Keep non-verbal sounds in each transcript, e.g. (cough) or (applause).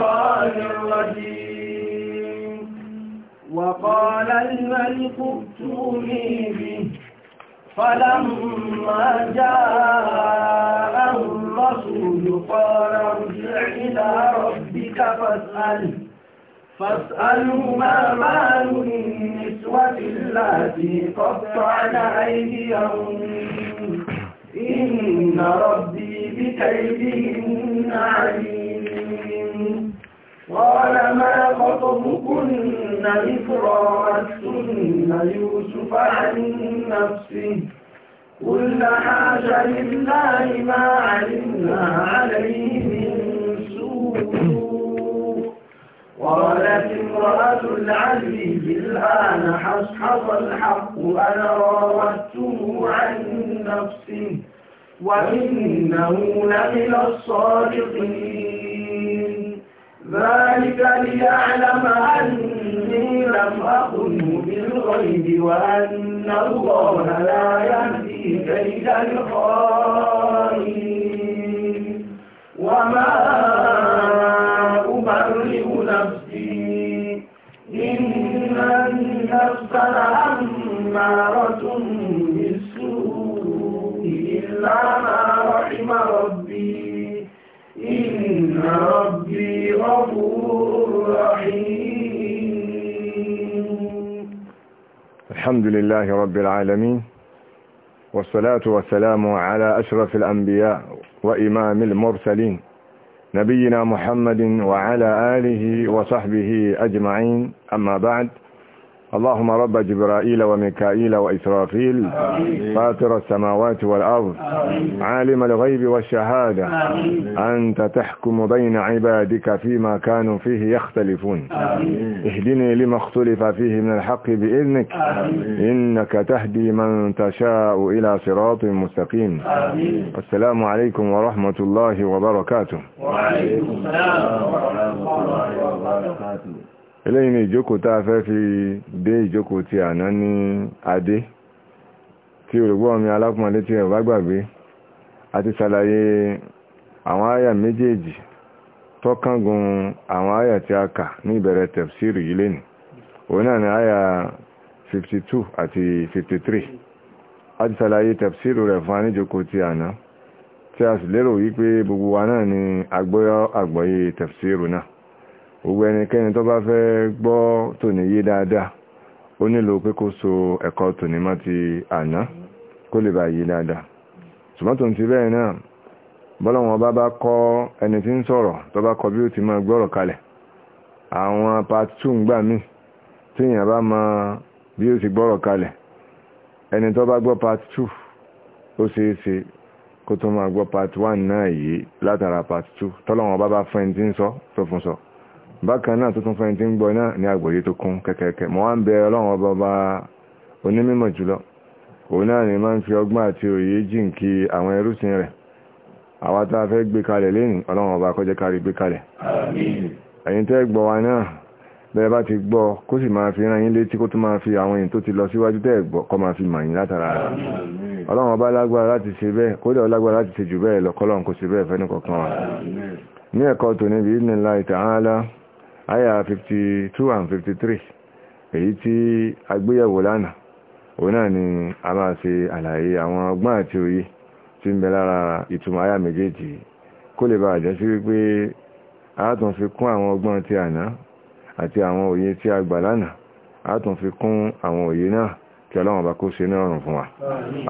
الشيطان الرجيم وقال الملك ائتوني به فلما جاءه الرسول قال ارجع إلى ربك فاسأل فاسألوا ما مال النسوة التي قطعن أيديهم إن ربي بكيدهن عليم قال ما خطبكن إذ راوتن يوسف عن نفسه قلنا حاجة لله ما علمنا عليه من سوء قالت امرأة العزيز الآن حصحص الحق أنا راودته عن نفسه وإنه لمن الصادقين ذلك ليعلم أني لم أكن بالغيب وأن الله لا يهدي كيد الخائن وما أبرئ نفسي إن النفس لأمارة بالسوء إلا ما رحم ربي إن ربي الحمد لله رب العالمين والصلاة والسلام على أشرف الأنبياء وإمام المرسلين نبينا محمد وعلى آله وصحبه أجمعين أما بعد اللهم رب جبرائيل وميكائيل وإسرافيل فاطر السماوات والأرض آمين. عالم الغيب والشهادة آمين. أنت تحكم بين عبادك فيما كانوا فيه يختلفون اهدني لما اختلف فيه من الحق بإذنك إنك تهدي من تشاء إلى صراط مستقيم السلام عليكم ورحمة الله وبركاته وعليكم السلام ورحمة الله وبركاته eléyìí ni ìjókòó tá a fẹ́ fi dé ìjókòó ti àná ní adé tí olùgbọ́ mi alápọ̀nlé tí ẹ̀ bá gbàgbé àti ṣàlàyé àwọn àyà méjèèjì tọ́kángun àwọn àyà tí a kà ní ìbẹ̀rẹ̀ tẹ̀fsírì yìí lẹ́nì òun náà ni àyà 52 àti 53 àti ṣàlàyé tẹ̀fsírì rẹ̀ fún aníjókòó ti àná tí a sì lérò wípé gbogbo wa náà ni àgbọ́yé tẹ̀fsírì náà gbogbo ẹnikẹ́ni tó bá fẹ́ gbọ́ tòní yé dáadáa ó nílò pé kó so ẹ̀kọ́ tòní mọ́ ti àná kó lè bá yé dáadáa ṣùgbọ́n tòun ti bẹ́ẹ̀ náà bọ́lọ̀wọ́n bá bá kọ́ ẹni tí ń sọ̀rọ̀ tó bá kọ bí ó ti máa gbọ́rọ̀ kalẹ̀ àwọn part 2 ń gbà mí tí èèyàn bá máa bí ó ti gbọ́rọ̀ kalẹ̀ ẹni tó bá gbọ́ part ó ṣeé ṣe kó tó máa gbọ́ part 1 náà yìí látara part 2 bá bá fún ẹni tí ń sọ tó fún sọ bákan náà tuntun fẹ́ tí ń gbọ́ náà ní àgbòyé tó kún kẹ́kẹ́kẹ́ mọ́ wá ń bẹ ọlọ́run ọba ọba onímọ̀ jùlọ òun náà ni máa ń fi ọgbọ́n àti òye jíǹkí àwọn ẹrúsìn rẹ̀ àwa tá a fẹ́ gbé kalẹ̀ lẹ́yìn ọlọ́run ọba kọjẹ́ kárí gbé kalẹ̀ ẹ̀yin tẹ́ gbọ́ wa náà bẹ́ẹ̀ bá ti gbọ́ kó sì máa fi rán yín létí kó tó máa fi àwọn èèyàn tó ti lọ síwájú tẹ́ gbọ́ kó máa fi màyín látara rẹ̀ ọlọ́run ọba lágbára láti ṣe bẹ́ẹ̀ kódà lágbára láti ṣe jù bẹ́ẹ̀ lọ kọ́lọ́run kò sí bẹ́ẹ̀ fẹ́nu kọ̀ọ̀kan wa ní ẹ̀kọ́ tòní bí ní láì tààlà àyà 52 and 53 èyí tí agbéyẹ̀wò lánàá òun náà ni a máa ṣe àlàyé àwọn ọgbọ́n àti òye tí ń bẹ lára ìtumọ̀ àyà méjèèjì kó lè bá àjẹ́ sí wípé a kún àwọn ọgbọ́n ti àná àti àwọn òye tí a gbà lánàá a kún àwọn òye náà kí ọlọ́run bá kó ṣe ní ọ̀run fún wa.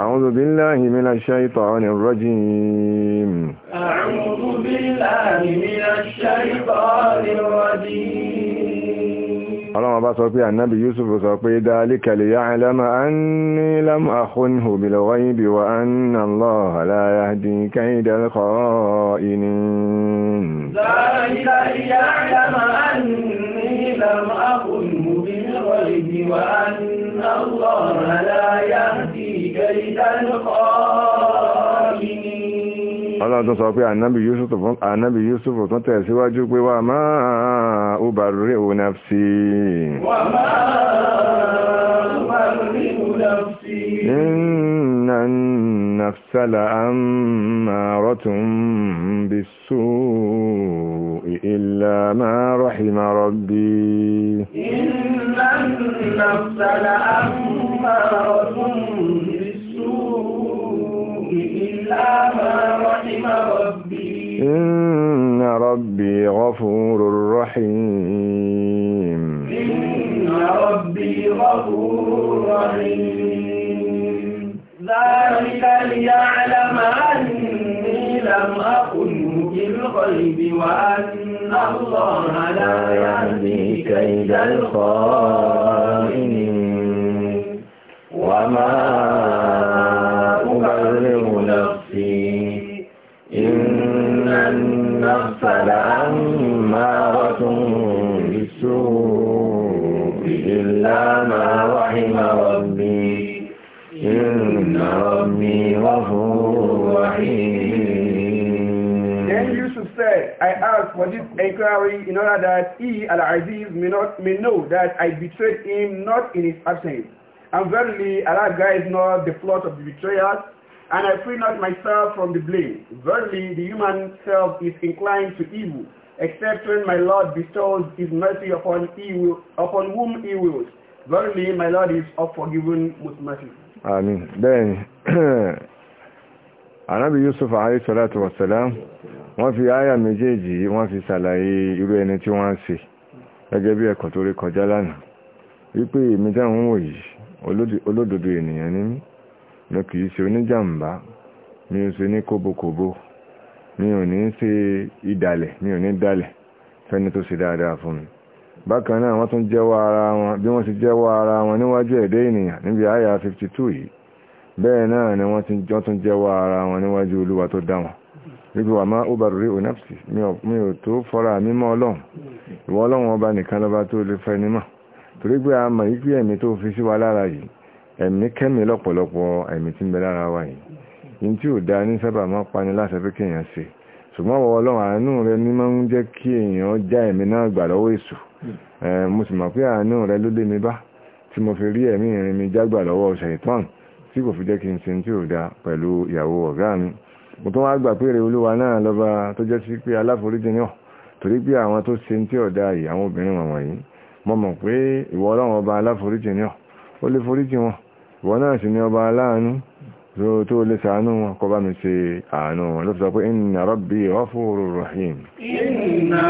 A'udhu billahi minash shaitanir rajim. A'udhu billahi minash shaitanir rajim. ọlọ́wọ́ bá sọ pé ànábì yusuf sọ pé dhalika liya'lama anni lam akhunhu bil ghaibi wa anna allaha la yahdi kaydal kha'inin dhalika liya'lama anni lam akhunhu bil ghaibi wa anna allaha la yahdi kaydal kha'inin ọlọ́run tó sọ pé ànábì Yusuf tún tẹ̀síwájú pé wà máa ubarri nafsi wà máa ubarri nafsi inna nafsa la'ammaratun bis-su'i illa ma rahima rabbi inna nafsa la'ammaratun bis-su'i إن ربي غفور رحيم إن ربي غفور رحيم ذلك ليعلم أني لم أكن بالغيب وأن الله لا يهدي كيد الخائنين وما النفس لأمارة بالسوء إلا ما رحم ربي إن ربي غفور رحيم Then Yusuf said, I ask for this inquiry in order that he, Al-Aziz, may, not, may know that I betrayed him not in his absence. And verily, Allah guides not the plot of the betrayers, and I free not myself from the blame. Verily, the human self is inclined to evil, except when my Lord bestows his mercy upon, evil, upon whom he wills. Verily, my Lord is of forgiven most mercy. Amen. Then, Anabi (clears throat) Yusuf alayhi salatu wasalam, wọ́n fi áyà méjèèjì wọ́n fi ṣàlàyé irú ẹni tí wọ́n ń ṣe gẹ́gẹ́ bí ẹ̀kọ́ tó rí kọjá lánàá. Wípé èmi dáhùn wòyí, olódodo ènìyàn ni mí mi kì í ṣe oníjàmbá mi ò ṣe ní kóbokòbo mi ò ní ṣe ìdàlẹ̀ mi ò ní dàlẹ̀ fẹ́ni tó ṣe dáadáa fún mi bákan náà wọ́n tún jẹ́wọ́ ara wọn bí wọ́n ti jẹ́wọ́ ara wọn níwájú ẹ̀dẹ́ ènìyàn níbi àyà 52 yìí bẹ́ẹ̀ náà ni wọ́n tún jẹ́wọ́ ara wọn níwájú olúwa tó dá wọn wípé wà máa ó bàrúrí onapsi mi ò tó fọ́ra mímọ́ ọlọ́run ìwọ ọlọ́run ọba nìkan lọ́ba tó lè fẹ́ nímọ̀ torí pé a mọ̀ yí pé ẹ̀mí tó fi sí wa lára yìí ẹ̀mí kẹ́mí lọ́pọ̀lọpọ̀ ẹ̀mí tí ń bẹ lára wa yìí yìí tí ò dá ní sábà máa pani láti pé kéèyàn ṣe ṣùgbọ́n wọ́n ọlọ́run àánú rẹ ní máa ń jẹ́ kí èèyàn já ẹ̀mí náà gbà lọ́wọ́ èṣù mo sì mọ̀ pé àánú rẹ ló lé mi bá tí mo fi rí ẹ̀mí ìrìn mi jágbà lọ́wọ́ ṣàìtàn tí kò fi jẹ́ kí n ṣe tí ò dá pẹ̀lú ìyàwó ọ̀gá mi mo tún wá gbà pé olúwa náà lọ́ba tó jẹ́ sí pé aláforíjì náà torí pé àwọn tó ṣe tí ò dá yìí àwọn obìnrin wọ̀nyí mo mọ̀ pé ìwọ ọlọ́run ọba aláforíjì náà ó lè foríjì wọn wọ́n náà sì ni ọba aláàánú tó lè ṣàánú wọn kọ bá mi ṣe àánú wọn sọ pé inna rabbi ghafurur rahim inna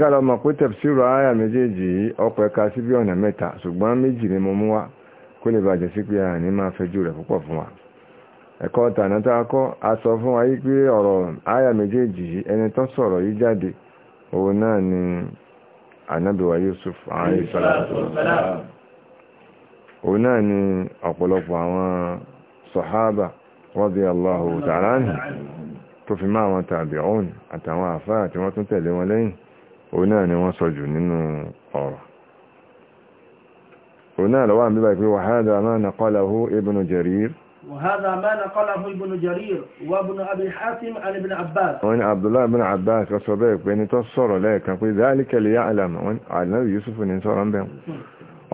ká lọ mọ̀ pé tafsiru àyà méjèèjì ọ̀pọ̀ sí bí ọ̀nà mẹ́ta ṣùgbọ́n méjì ni mo mú wá kó lè bàjẹ́ sí pé máa rẹ̀ púpọ̀ fún wa ẹ̀kọ́ a sọ fún wa yí pé ọ̀rọ̀ méjèèjì ẹni tó sọ̀rọ̀ ànábì wa Yusuf alayhi salatu wassalam òun náà ni ọ̀pọ̀lọpọ̀ àwọn sọ̀hábà radiyallahu ta'ala anhu tó fi máa wọn tabi'un àtàwọn àfáà tí wọ́n tún tẹ̀lé wọn lẹ́yìn òun náà وهذا ما نقله ابن جرير وابن أبي حاتم عن ابن عباس وإن عبد الله بن عباس وصبيك بين تصر لك ذلك ليعلم وعلى يوسف ننصر بهم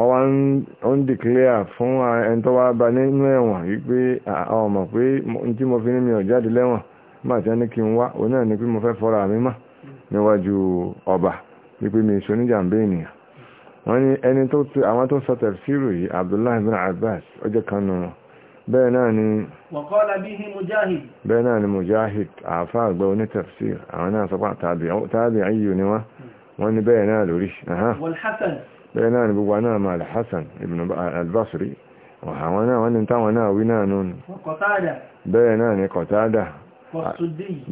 ọwọ́n ń dìkìlẹ̀ fún ẹni tó wá bá nínú ẹ̀wọ̀n wípé ọmọ pé tí mo fi ní mi ò jáde lẹ́wọ̀n máa tí a ní kí n wá onáà ní pé mo fẹ́ fọ́ra mi mọ́ níwájú ọba wípé mi ṣo níjàmbé ènìyàn wọ́n ní ẹni tó àwọn tó sọ tẹ̀síìrù yìí Abdullahi bin Abbas ọjọ́ kan nù wọn bẹ́ẹ̀ náà ni bẹ́ẹ̀ náà ni mujahid àfá àgbà onítafsir àwọn náà sọpá tàbí ayyu ni wá wọ́n ni bẹ́ẹ̀ náà lórí bẹ́ẹ̀ náà ni gbogbo náà ma alhassan ibn albasri àwọn náà wọ́n ni táwọn náà wí náà nún bẹ́ẹ̀ náà ni kọ̀tádà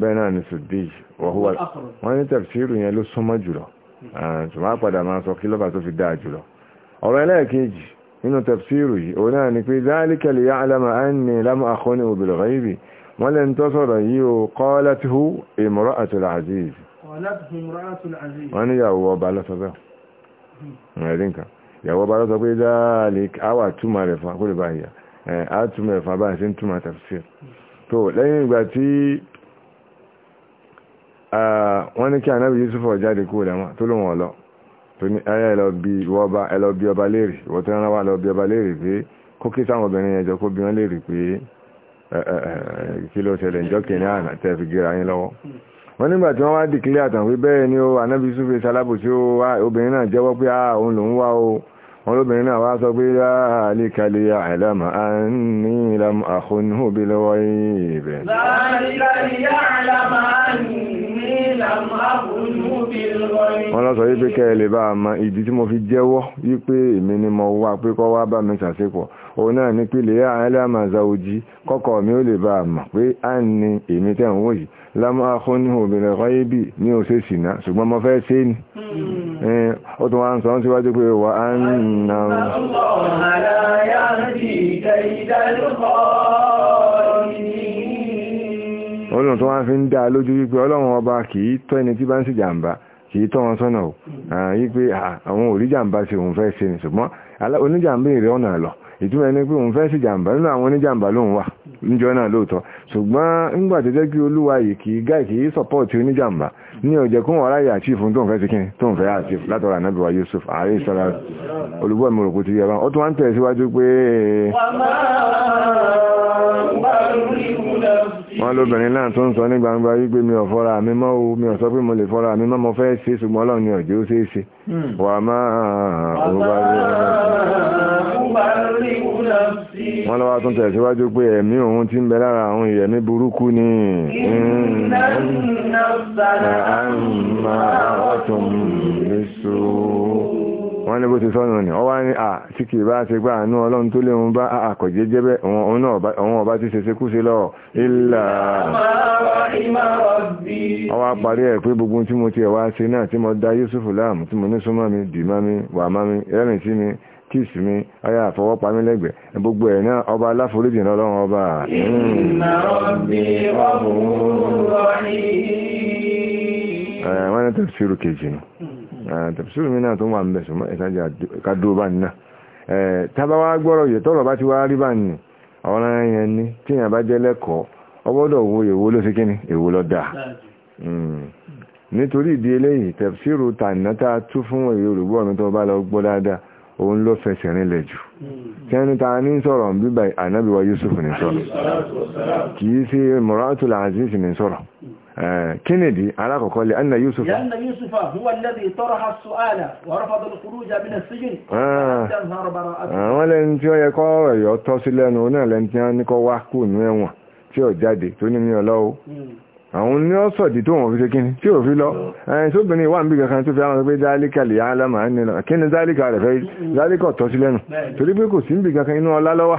bẹ́ẹ̀ náà ni suddi wọ́n ni tafsiru yẹn ló súnmọ́ jùlọ hmm nínú tafsiru yìí òun náà ni pé zalika li ya'lama anni lam akhunu bil ghaibi wọ́n lè ń tọ́ sọ̀rọ̀ yìí o qalathu imra'atul aziz wọ́n ní ìyàwó ọba lọ́sọ bẹ́ẹ̀ ẹ̀rí nǹkan ìyàwó ọba lọ́sọ pé zalika àwà túmọ̀ rẹ̀ fún akólè kí anábì Yusuf ó jáde kúrò lẹ́wọ̀n tó lóun ọ̀lọ́ tó ní ayá ẹlọ́bí ọba léèrè wọ́n tí lọ́bí ọba léèrè pé kókí sáwọn obìnrin ẹjọ́ kó bí wọ́n léèrè pé kí ló ṣẹlẹ̀ ìjọ́ kìíní àná tẹ́ fi gíra yín lọ́wọ́ wọ́n nígbà tí wọ́n wá dìkílé àtàn pé bẹ́ẹ̀ ni ó anábì súfè sálábòsí ó obìnrin náà jẹ́wọ́ pé a ah, lòún wá o wọn lóbìnrin náà wá sọ pé láàrínkàlẹ̀ àìlàmà á ní ìlàmà àkóníhùn wọ́n lọ́sọ̀ yí pé kẹ́ lè bá àmà ìdí tí mo fi jẹ́wọ́ yí pé èmi ni mo wá pé kọ́ wá bá mi sàṣepọ̀ òun náà ní pílẹ̀ àálàmà zaojí kọ́kọ́ mi ó lè bá àmà pé a ní èmi tẹ́ ń wò lámọ́ akọ́ ní obìnrin ni hmm. ó tún wá ń sọ ń síwájú pé wà á ń ọlọ́run tó wá fi ń dá lójú wípé ọlọ́run ọba kìí tọ́ ẹni tí bá ń sì jàǹbá kìí tọ́ wọn sọ́nà ò wípé àwọn òrí jàǹbá ṣe òun fẹ́ ṣe ni ṣùgbọ́n oníjàǹbá ìrẹ́ ọ̀nà lọ ìtumọ̀ ẹni pé òun fẹ́ sí jàǹbá nínú àwọn oníjàǹbá lóun wà níjọ náà lóòótọ́ ṣùgbọ́n nígbà tó jẹ́ kí olúwa yìí kìí gáì kìí sọ́pọ̀tì oníjàǹbá ní ọ̀jẹ̀ kún wọ́n ráyà àṣífún tó ń fẹ́ síkín tó ń fẹ́ àṣífún látọ̀rọ̀ ànábìwá Yusuf ààrẹ ìṣọ́ra olùgbọ́ ìmọ̀rọ̀kú ti yẹ bá ó tún wá ń tẹ̀ síwájú pé wọ́n lóbìnrin náà tó ń sọ ní gbangba wípé mi ò fọ́ra mi mọ́ o mi ò sọ pé mo lè fọ́ra mi mọ́ mo fẹ́ ṣe ṣùgbọ́n ọlọ́run ni ọ̀jẹ́ ó ṣe é ṣe wà máa ó bá wọ́n lọ́wọ́ tún tẹ̀síwájú pé ẹ̀mí òun ti ń bẹ lára àwọn ìyẹ̀mí burúkú ni àmàrọ̀tún lẹ́sọ wọ́n ní bó ti sọ́nà ní ọwá ní à tí kìí bá ṣe gbá àánú ọlọ́run tó léun bá àkọ̀jẹ́ jẹ́bẹ́ òun ọba ti ṣeṣe kú sí lọ ìlà ọwá parí ẹ̀ pé gbogbo tí mo ti ẹ̀wà ṣe náà tí mo dá Yusuf láàmú tí Eh, wọ́n ní tẹ̀síìrù kejì nù hmm. eh, tẹ̀síìrù mi náà tó wà ń bẹ̀ sùn ìtajà kádó bá ní náà eh, tábà wá gbọ́rọ̀ yẹ tọ́rọ̀ bá ti wá rí bá ní ọ̀rọ̀ yẹn ní tíyàn bá jẹ́ lẹ́kọ̀ọ́ ọgbọ́dọ̀ wo èwo ló sí kíni èwo ló dáa hmm. nítorí ìdí eléyìí tẹ̀síìrù tànà tá a tú fún èyí olùgbọ́ mi tó bá lọ gbọ́ dáadáa òun ló fẹsẹ̀ rinlẹ̀ jù hmm. tẹ́ni ta ní sọ̀rọ̀ bíbá ànábì Yusuf ní sọ̀rọ̀ kì í sí mọ̀rátùlà aziz ní sọ̀rọ̀ Eh, al ah. ah, hmm. àwọn ní tó wọ́n fi ṣe kíni tí ò fi lọ ẹni hmm. eh, tó bìnrin wà ń bí kankan tó fi àwọn pé dálíkà lè alámà á nílọ kí dálíkà rẹ̀ fẹ́ dálíkà hmm. tọ́ sí lẹ́nu torí pé kò sí ń bí kankan inú ọlá lọ́wà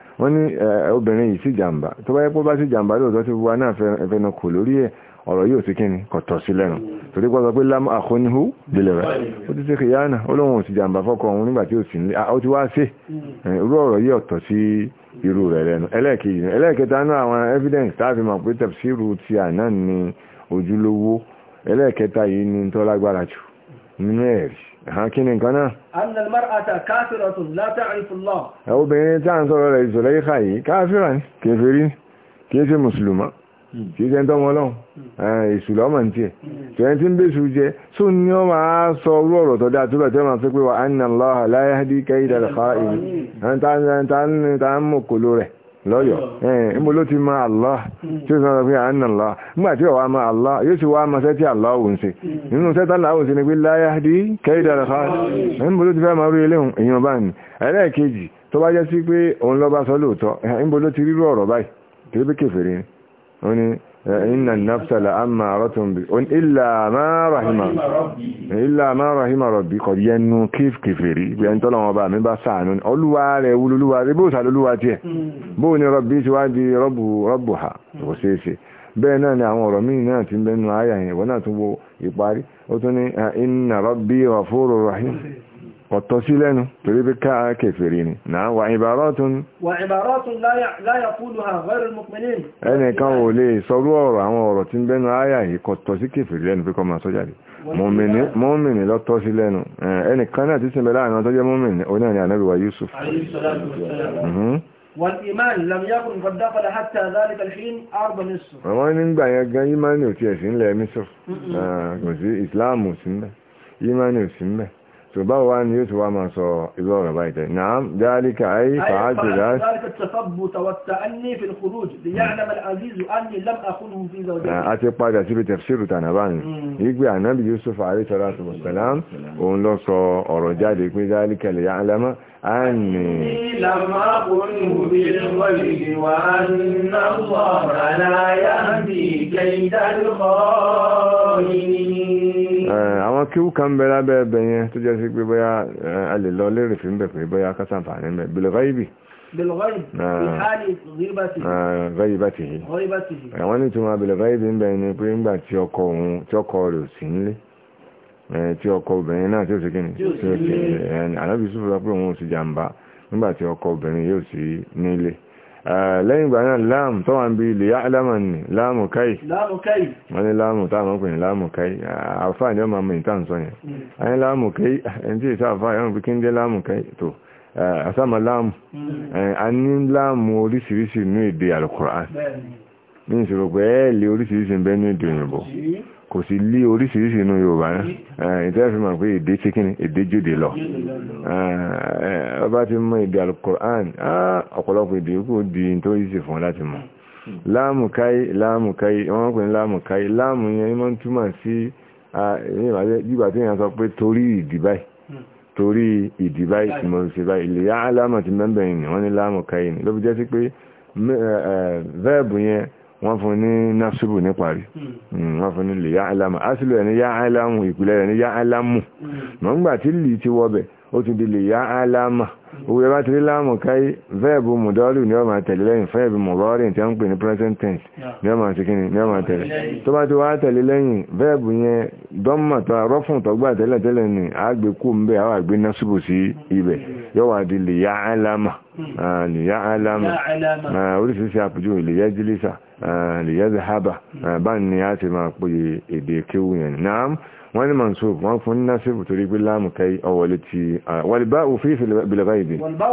wọ́n ní eh, obìnrin yìí sí jàǹbá tó bá yẹ kó bá sí jàǹbá lóòótọ́ tí wọ́n náà fẹ́nu kò lórí ẹ̀ ọ̀rọ̀ yóò sí kíni kọ̀tọ̀ sí lẹ́nu torí pọ́ sọ pé lámù àkóníhù délẹ̀ rẹ̀ ó ti ṣe kìyàánà olóhun ò sì jàǹbá nígbà tí ó sì nílé ó ti wá sí eh, irú ọ̀rọ̀ yìí ọ̀tọ̀ sí irú rẹ̀ lẹ́nu ẹlẹ́ẹ̀kejì ẹlẹ́ẹ̀kẹta náà àwọn evidence táàfin mọ̀ pé tẹ̀síìrù ti àná ni ojúlówó ẹlẹ́ẹ̀kẹta yìí ni tó jù nínú ẹ̀rí ha kí ni nǹkan náà obìnrin tí a ń sọ̀rọ̀ rẹ̀ Zulaikha yìí káàfíra ní kèfèrí kìí ṣe mùsùlùmá kìí ṣe tọ́mọ ọlọ́run ìṣùlọ́mọ̀ tí ẹ̀ tí ẹ̀ tí ń bèṣù jẹ́ só ní ọ máa sọ orú ọ̀rọ̀ lọ́yọ̀ ẹ̀ẹ́n mo ló ti mọ Allah tí ó sọ sọ pé à ń nà lọ nígbà tí ọ̀wá mọ Allah yóò sì wá mọ sẹ́tì òun hmm. nínú ni pé láyá dí rẹ̀ fáwọn mo ló ti fẹ́ èèyàn bá ní ẹlẹ́ẹ̀kejì tó bá jẹ́ sí pé òun ó ní inna nafsa la amma aratun bi on illa ma rahima illa ma rahima rabbi ko yenu kif kifiri bi en tolorun ọba mi ba ṣàánú ni Olúwa rẹ̀ wululuwa rẹ̀ bo sa loluwa ti e mm. bo ni rabbi ti wa di rabbu rabbuha o se se bẹ́ẹ̀ náà ni àwọn ọ̀rọ̀ míì náà ti ń bẹnu ayà yẹn wọ́n náà tún wo ìparí ó tún ní inna rabbi ghafurur rahim ọ̀tọ̀ sí lẹ́nu torí bí ká kèfèrí ni náà wà ìbárọ́tún ẹnìkan ò lè sọrú ọ̀rọ̀ àwọn ọ̀rọ̀ tí ń bẹ́nu áyà yìí kọ̀tọ̀ sí kèfèrí lẹ́nu pé kọ́ máa sọ́jà dì mọ́mìnì lọ́tọ̀ sí lẹ́nu ẹnìkan náà ti sin bẹ̀rẹ̀ àwọn mọ́mìnì والإيمان لم يكن قد دخل ذلك الحين أرض مصر. وما نبغى إيمان وتيسين لا مصر. آه، إسلام وسنة. إيمان وسنة ṣùgbọ́n wá ní yóò ti wá máa sọ irú ọ̀rọ̀ báyìí tẹ́ náà dáríkà ayé fàájì láti àti padà síbi tẹ̀fṣìrù tànàbáni hmm. ìgbé ànábì Yusuf àríṣọ́lá ṣùgbọ́n òun lọ sọ ọ̀rọ̀ jáde pé dáríkà lè yá alámá آمين لما قلت بالغيب وأن الله لا يهدي كيد الخائنين àwọn kíwú kan bẹ lábẹ́ ẹbẹ̀ yẹn tó jẹ́ sí pé bóyá eh, a lè lọ lérè fi ń bẹ̀ pé bóyá kásàǹfà ní mẹ́ bilghaibi بالغيب àwọn ní tí wọ́n ń bẹ̀ eh, eh, ni pé ń gbà tí ọkọ rẹ̀ sí nílé tí ọkọ obìnrin náà tí ó sì kí ni tí ó sì ní ànábì ọkọ obìnrin yóò sí nílé lẹ́yìn ìgbà náà láàmù tó wà ń bí ilẹ̀ alámà ní láàmù káì wọ́n ní láàmù táàmù pè ní láàmù káì àfáà hmm. ní ọmọ àmì ìtànsọ yẹn a láàmù káì ẹni tí ìta fi kí ń dé láàmù káì tó láàmù hmm. a ní láàmù oríṣiríṣi kò sí lí oríṣiríṣi inú yorùbá ìtẹ́ fi mọ̀ pé èdè tí kí ni èdè jòdè lọ ọba ti mọ èdè alukoran ọ̀pọ̀lọpọ̀ èdè kò di tó yìí fún láti mọ̀ láàmù káyí láàmù káyí wọ́n pè ní láàmù káyí láàmù yẹn mọ́ túmọ̀ sí ìgbà tí èèyàn sọ pé torí ìdí báyìí hmm. torí ìdí báyìí tí mo ṣe báyìí lè yá láàmù ti mẹ́bẹ̀ẹ́ ni wọ́n ní láàmù káyí ni ló fi jẹ́ sí pé vẹ́ẹ̀bù yẹn wọ́n fún ní nasibu ní parí hmm. Hmm, wọ́n fún ní lè yá alamu asìlò ẹni yá alamu ìpìlẹ̀ ẹni yá alamu hmm. mọ̀ ń gbà tí lè ti wọ́bẹ̀ ó ti di lè yá alama owó ẹbá ti rí láàmù káyí vẹ́ẹ̀bù mùdọ́rù ní ọmọ tẹ̀lé lẹ́yìn fẹ́ẹ̀bù mùrọ́rì tí a ń pè ní present tense ní ọmọ síkíní ní ọmọ tẹ̀lé tó bá ti wá tẹ̀lé lẹ́yìn vẹ́ẹ̀bù yẹn dọ́mọ̀tọ́ rọ́fùn tọ́gbà tẹ́lẹ̀ tẹ́lẹ̀ ní àgbékù ń bẹ́ àwọn àgbé násùbù sí ibẹ̀ yóò wá di lè yá alama ah, lè yá alama ah, oríṣiríṣi àpèjú lè yá jílísà lìyẹ́zẹ̀hábà bá ní a ti máa pòye èdè kéwù yẹn náà wọ́n ní mansub wọ́n fún ní násìbù torí pé láàmù kai ọwọ̀lẹ̀ ti wàlìbá òfin ìfìlẹ̀bá ìbí wàlìbá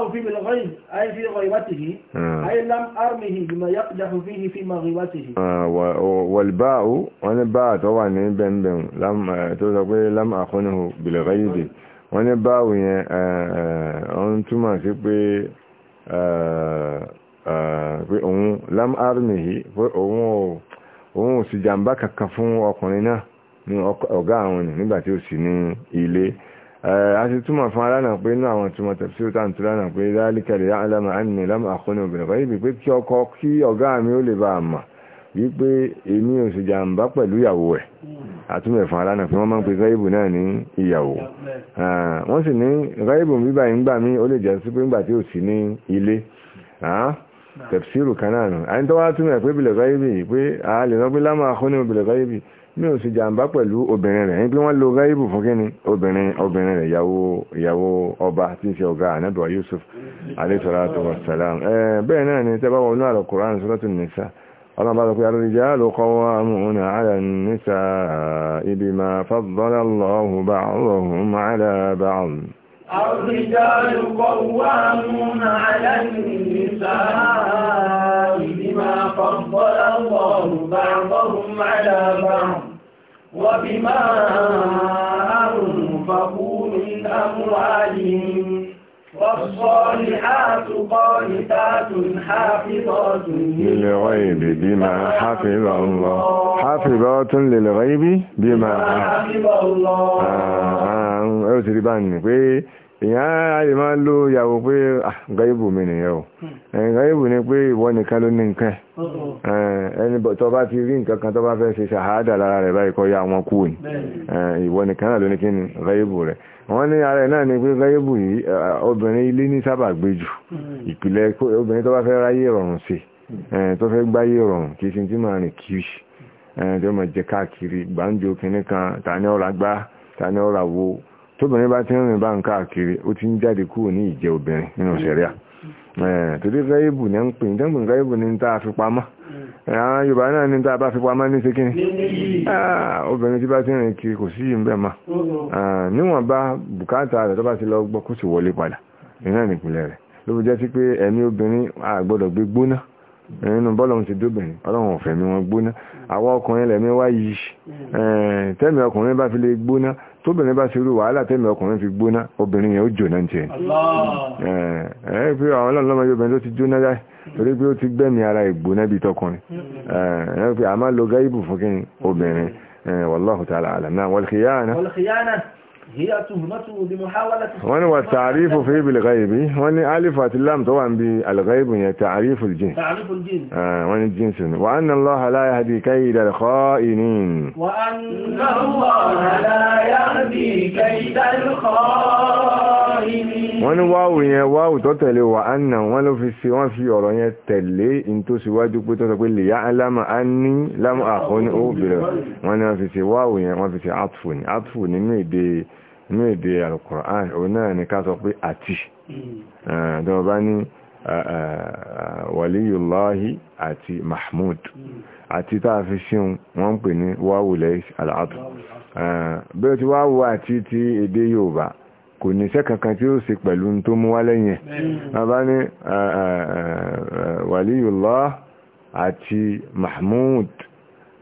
ò wọ́n ní bá àtọ́wà ní bẹ̀m̀bẹ̀m tó sọ pé láàmù àkọ́nihù bìlẹ̀bá ìbí wọ́n ní bá òyìn ọ̀n túmọ̀ sí pé pé òun lam armihi pé òun ò sì jàǹbá kankan fún ọkùnrin náà ní ọ̀gá àwọn ènìyàn nígbà tí ó sì ní ilé a ti túmọ̀ fún alánà pé inú àwọn túmọ̀ tafsir tàǹtì lánà pé láàríkẹ̀lẹ̀ ya'lama anni lam akun bil ghaibi pé kí ọkọ kí ọ̀gá mi ó lè bá a mà wípé èmi ò sì jàǹbá pẹ̀lú ìyàwó ẹ̀ àtúmọ̀ fún alánà pé wọ́n máa ń pe ghaibu náà ní ìyàwó wọ́n sì ní ghaibu bíbá ìgbà mi ó lè jẹ́ sí pé ńgbà tí ò sí ní ilé tẹ̀síìrù kan náà nù àyíntọ́ wá túnmọ̀ pé bìlẹ̀ gáyébì pé a lè sọ pé lámà àkóní bìlẹ̀ gáyébì mi ò sì jàǹbá pẹ̀lú obìnrin rẹ̀ ní pé wọ́n lo gáyébù fún kí ni obìnrin obìnrin rẹ̀ ìyàwó ìyàwó ọba tí ń ṣe ọ̀gá ànábì wa Yusuf alayhi salatu wassalam bẹ́ẹ̀ náà ni tẹ́ bá wọnú àlọ́ Kùránì suratul Nisa ọlọ́mọba sọ pé ar-rijalu qawwamuna 'ala an-nisaa bima faddala Allahu ba'dahum 'ala ba'd الرجال قوامون على النساء بما فضل الله بعضهم على بعض وبما أنفقوا من أموالهم والصالحات قانتات حافظات للغيب بما حفظ الله حافظات للغيب بما حفظ الله ó ti rí bá ní pé èyàn àyè máa ló yàwó pé àgbáyébù mi nìyàn ò ẹ̀gbáyébù ni pé ìwọ nìkan ló ní nǹkan ẹni tó bá ti rí nǹkan kan tó bá fẹ́ ṣe ṣàhádà lára rẹ̀ báyìí kọ́ yá wọn kú ní ìwọ nìkan náà ló ní kí ni gáyébù rẹ̀ wọ́n ní ara ẹ̀ náà ni pé gáyébù yìí obìnrin ilé ní sábà gbé jù hmm. ìpìlẹ̀ obìnrin tó bá fẹ́ ráyé rọrùn sí hmm. tó fẹ́ gbáyé rọrùn kìí sí tí máa rìn kiri tí ó máa jẹ káàkiri gbàǹjo kìíní kan ta ní ọ̀rà gbá tani ní ọ̀rà wo tóbìnrin bá ti ń rìn bá ń káàkiri ó ti ń jáde kúrò ní ìjẹ obìnrin nínú hmm. sẹ̀ríà torí gáyébù ní ń pè ní gáyébù ní ń tá a fi pamọ́ àwọn ah, yorùbá náà ní tàbá fipá máa ní síkíní ah, obìnrin tí bá ti rìn kiri kò sí ìbẹ̀ ma mm-hmm. ah, níwọ̀n bá bùkátà rẹ̀ tó bá ti lọ gbọ́ kó sì wọlé padà iná nìpínlẹ̀ rẹ̀ ló jẹ́ sí pé ẹ̀mí obìnrin àgbọ́dọ̀ gbé gbóná nínú bọ́lọ̀hún ti dóbìnrin ọlọ́run ọ̀fẹ́ mi wọn gbóná àwọn ọkùnrin lẹ̀mí wá mm. eh, tẹ́mi ọkùnrin bá fi lè gbóná tóbìnrin bá ṣe rú wàhálà tẹ́mi ọkùnrin fi gbóná obìnrin yẹn ó jóná tiẹ̀ ẹ̀ pé àwọn ọlọ́mọ yóò bẹ̀rẹ̀ tó ti jóná dá torí pé ó ti gbẹ̀mí ara ìgbóná bíi tọkùnrin ẹ̀ pé àmà lo gáíbù fún kí obìnrin wallahu ta'ala wọ́n ní wà tààrífù fi ibi al-ghaibi wọ́n ní alifu àti lam tó wà ń bí al-ghaibi yẹn tààrífù jìn ah, wọ́n ní jínsì ni wa anna Allaha la yahdi kayda al-kha'inin wa anna Allaha la wọ́n ní wáwù yẹn wáwù tó tẹ̀lé wà ánà wọ́n ló fi sí wọ́n fi ọ̀rọ̀ yẹn tẹ̀lé in tó síwájú pé tó sọ pé lè yá alámà á ní lámà àkọ́ ní ó bèèrè wọ́n ní wọ́n fi sí wáwù yẹn wọ́n fi sí àtfù ní àtfù nínú èdè ní èdè alukur'an òun náà ni ká sọ pé àti ẹ̀ẹ́dọ́n hmm. eh, bá ní eh, eh, waliyullahi àti mahmud hmm. àti táà fi síun wọ́n pè ní wáwulẹ̀ aláàtù bí ó ti wáwú àti ti èdè Yorùbá kò ní iṣẹ́ kankan tí ó ṣe pẹ̀lú tó mú wá lẹ́yìn bàbá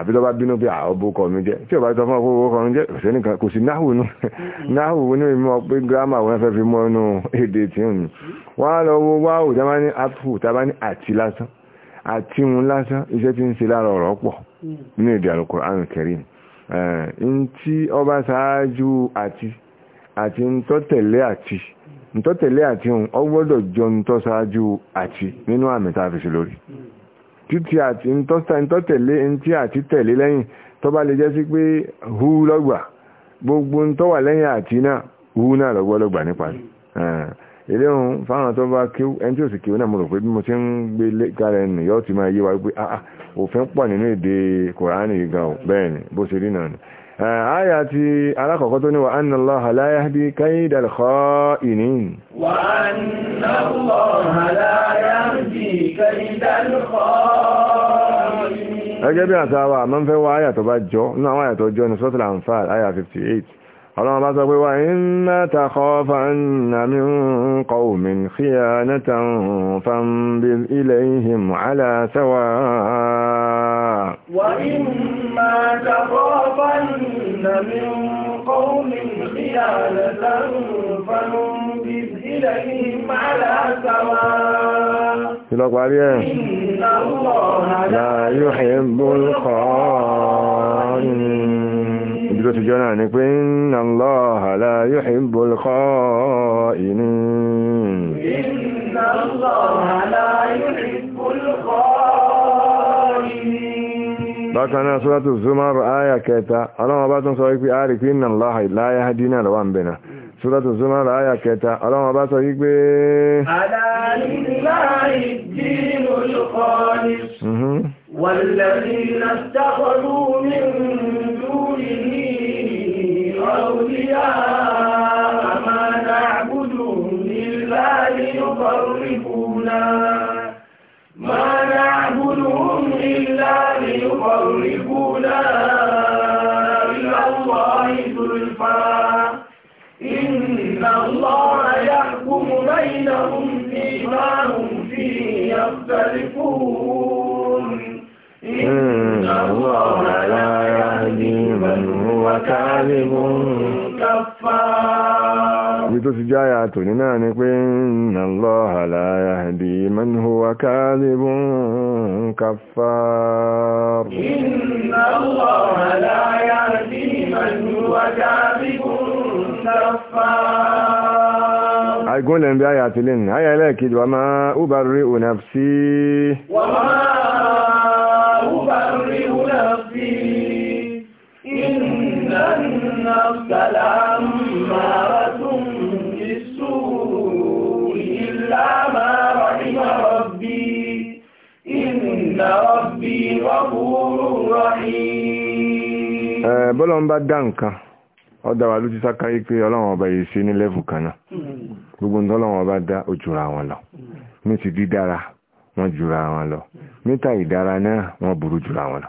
àbí lọ́ba bínú bí àọ́bù kọ̀ mi jẹ́ tí ọba sọ fún ọkọ̀ kọ̀ mi jẹ́ kò sí nìkan kò sí náhù nù mm-hmm. náhù ní ìmọ̀ pé gírámà wọn fẹ́ fi mọ́ inú èdè tí ó ní wọ́n á lọ wo wáhù tá bá ní atfù tá bá ní àti lásán àti òun lásán iṣẹ́ tí ń ṣe lára ọ̀rọ̀ pọ̀ mm. nínú èdè Al-Qur'an Karim ń tí ọba ṣáájú àti àti ń tọ́ tẹ̀lé àti ń tọ́ tẹ̀lé àti òun ọgbọ́dọ̀ jọ ń tọ́ ṣáájú àti nínú àmì tá a fi ṣe lórí mm títí àti ntọ́tẹ̀lé ntí àti tẹ̀lé lẹ́yìn tó bá lè jẹ́ sí pé hu lọ́gbà gbogbo ntọ́ wà lẹ́yìn àti náà hu náà lọ́gbọ́lọ́gbà nípa rẹ̀ ilé ohun fáwọn tó bá kí ẹni tí ó sì kí náà mo rò pé bí mo ti ń gbé kárẹ̀ nìyọ́ ti máa آه، آياتي على قوتني وأن الله لا يهدي كيد الخائنين وأن الله لا يهدي كيد الخائنين أجابي أتاوى من في وآية تبجو نعم آية تبجو نصرة الأنفال آية 58 الله الله تقول وإما تخافن من قوم خيانة فانبذ إليهم على سواء وإما تخافن من قوم خيانة من قوم خيانة فننبذ إليهم على سواء إن الله لا يحب الخائنين ìdúró ti jọ náà ni pé inna Allaha la yuhibbul kha'inin inna Allaha la yuhibbul kha'inin bákanáà sọ́lọ́tù zumar ayà kẹta ọlọ́wọ́ bá tún sọ wípé àríkí iná láhà láyá dínà lọ́wọ́ ń bẹ̀nà sọ́lọ́tù zumar ayà kẹta ọlọ́wọ́ bá sọ wípé والذين اتخذوا من دونه أولياء ما نعبدهم ما نعبدهم إلا ليقربونا إلى الله زلفى إن الله يحكم بينهم فيما هم فيه يختلفون إن الله لا يهدي من هو كاذب جايه الله لا يهدي من هو كاذب كفار ان الله لا يهدي من هو كاذب كفار اقول ان بايات لنا هيا لك وما ابرئ نفسي وما أن السلام مارة بالسوء إلا ما رحم ربي إن ربي غفور رحيم بلون بدنك ọdá wa ló sáká yí pé ọlọ́run ọba yìí sí ní lẹ́fù kaná gbogbo ń tọ́lọ́run ọba dá ó wọn lọ ní ti dídára wọ́n jùra wọn lọ níta ìdára náà wọ́n burú jùra wọn lọ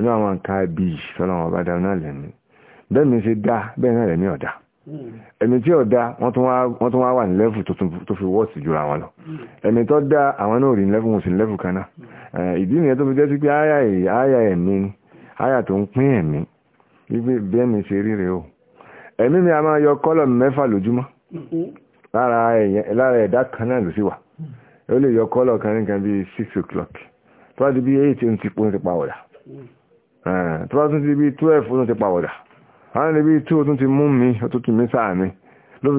nínú àwọn nǹkan bí sọ́lọ́wọ́n bá dá náà lẹ́nu bẹ́ẹ̀ mi ṣe dá bẹ́ẹ̀ náà lẹ́mí ọ̀dá ẹ̀mí tí ọ̀dá wọ́n tún wá wà ní lẹ́fù tó fi wọ́ọ̀sì jura wọn lọ ẹ̀mí tó dá àwọn náà rí lẹ́fù wọn sí lẹ́fù kan náà ìdí nìyẹn tó fi jẹ́ sí pé áyà ẹ̀mí ni áyà tó ń pín ẹ̀mí wípé bẹ́ẹ̀ mi ṣe rí rèé o ẹ̀mí mi a máa yọ kọ́lọ̀ mẹ́fà lójúmọ́ lára ẹ̀dá kan náà ló sì wà ó lè yọ kọ́lọ̀ kan nìkan bíi six o'clock tó wá di bíi eight ti pa ọ̀dà Eh, tó bá tún ti bí 12 ti pàwọ̀dà àwọn ilé bí 2 ti mú mi ó ti mí fi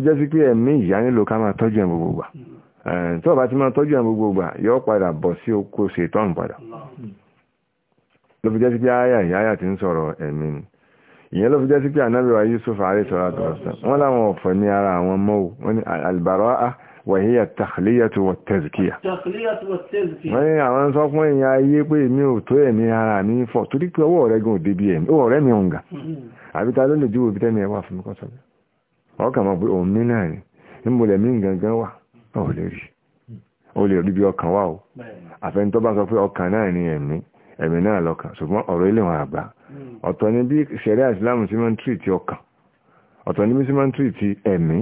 jẹ́ sí pé ẹ̀mí ìyá nílò ká máa tọ́jú ẹ̀ gbogbo eh, ti máa tọ́jú ẹ̀ gbogbo gbà padà bọ̀ sí oko ṣètọ́n padà ló fi jẹ́ sí pé áyà ìyáyà ti ń sọ̀rọ̀ ẹ̀mí ni ìyẹn ló fi jẹ́ sí pé wàhíyà tàkìlíyàtò wà tẹ́zìkíyà. wọ́n ní àwọn sọ fún èèyàn pé mi ò tó ẹ̀mí ara mi fọ̀ torí pé ọwọ́ rẹ̀ gùn débi ẹ̀mí mi òǹgà náà wà ọ̀ lè rí o lè rí ọkàn wà o àfẹnitọ́ bá pé náà ṣùgbọ́n